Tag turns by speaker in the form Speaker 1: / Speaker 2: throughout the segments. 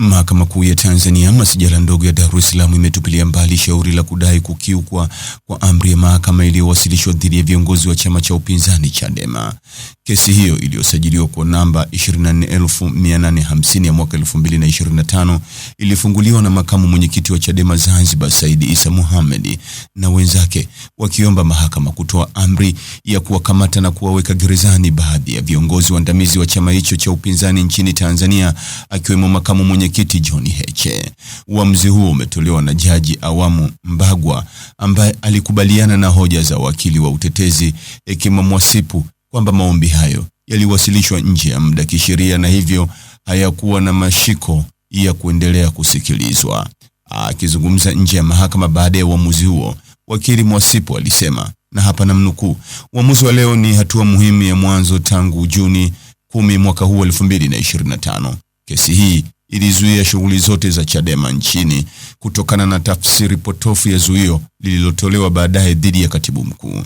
Speaker 1: Mahakama Kuu ya Tanzania masijala ndogo ya Dar es Salaam imetupilia mbali shauri la kudai kukiukwa kwa amri ya mahakama iliyowasilishwa dhidi ya viongozi wa chama cha upinzani Chadema. Kesi hiyo iliyosajiliwa kwa namba 24850 ya mwaka 2025 ilifunguliwa na makamu mwenyekiti wa Chadema Zanzibar, Said Isa Mohamed na wenzake wakiomba mahakama kutoa amri ya kuwakamata na kuwaweka gerezani baadhi ya viongozi waandamizi wa chama hicho cha upinzani nchini Tanzania akiwemo makamu mwenye mwenyekiti John Heche. Uamuzi huo umetolewa na Jaji Awamu Mbagwa ambaye alikubaliana na hoja za wakili wa utetezi Hekima Mwasipu kwamba maombi hayo yaliwasilishwa nje ya muda kisheria na hivyo hayakuwa na mashiko ya kuendelea kusikilizwa. Akizungumza nje ya mahakama baada ya uamuzi huo, wakili Mwasipu alisema na hapa na mnukuu uamuzi wa leo ni hatua muhimu ya mwanzo tangu Juni 10 mwaka huu 2025. Kesi hii ilizuia shughuli zote za Chadema nchini kutokana na tafsiri potofu ya zuio lililotolewa baadaye dhidi ya katibu mkuu.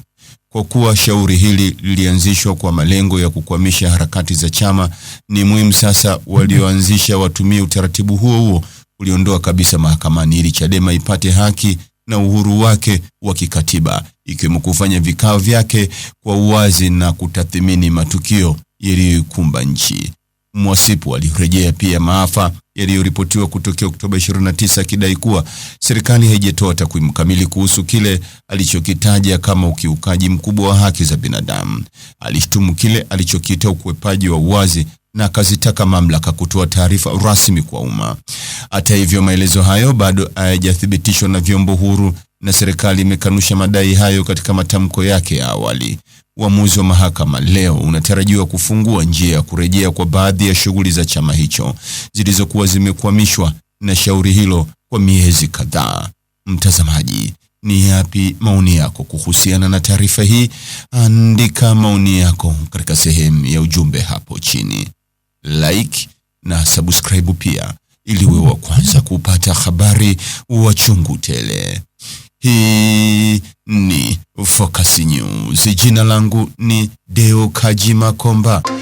Speaker 1: Kwa kuwa shauri hili lilianzishwa kwa malengo ya kukwamisha harakati za chama, ni muhimu sasa walioanzisha watumie utaratibu huo huo uliondoa kabisa mahakamani ili Chadema ipate haki na uhuru wake wa kikatiba, ikiwemo kufanya vikao vyake kwa uwazi na kutathmini matukio yaliyoikumba nchi. Mwasipu alirejea pia maafa yaliyoripotiwa kutokea Oktoba 29 akidai kuwa serikali haijatoa takwimu kamili kuhusu kile alichokitaja kama ukiukaji mkubwa wa haki za binadamu. Alishtumu kile alichokiita ukwepaji wa uwazi na akazitaka mamlaka kutoa taarifa rasmi kwa umma. Hata hivyo, maelezo hayo bado hayajathibitishwa na vyombo huru na serikali imekanusha madai hayo katika matamko yake ya awali. Uamuzi wa mahakama leo unatarajiwa kufungua njia ya kurejea kwa baadhi ya shughuli za chama hicho zilizokuwa zimekwamishwa na shauri hilo kwa miezi kadhaa. Mtazamaji, ni yapi maoni yako kuhusiana na taarifa hii? Andika maoni yako katika sehemu ya ujumbe hapo chini. Like na subscribe pia ili uwe wa kwanza kupata habari wa chungu tele. Hii ni Focus News. Jina langu ni Deo Kajima Komba.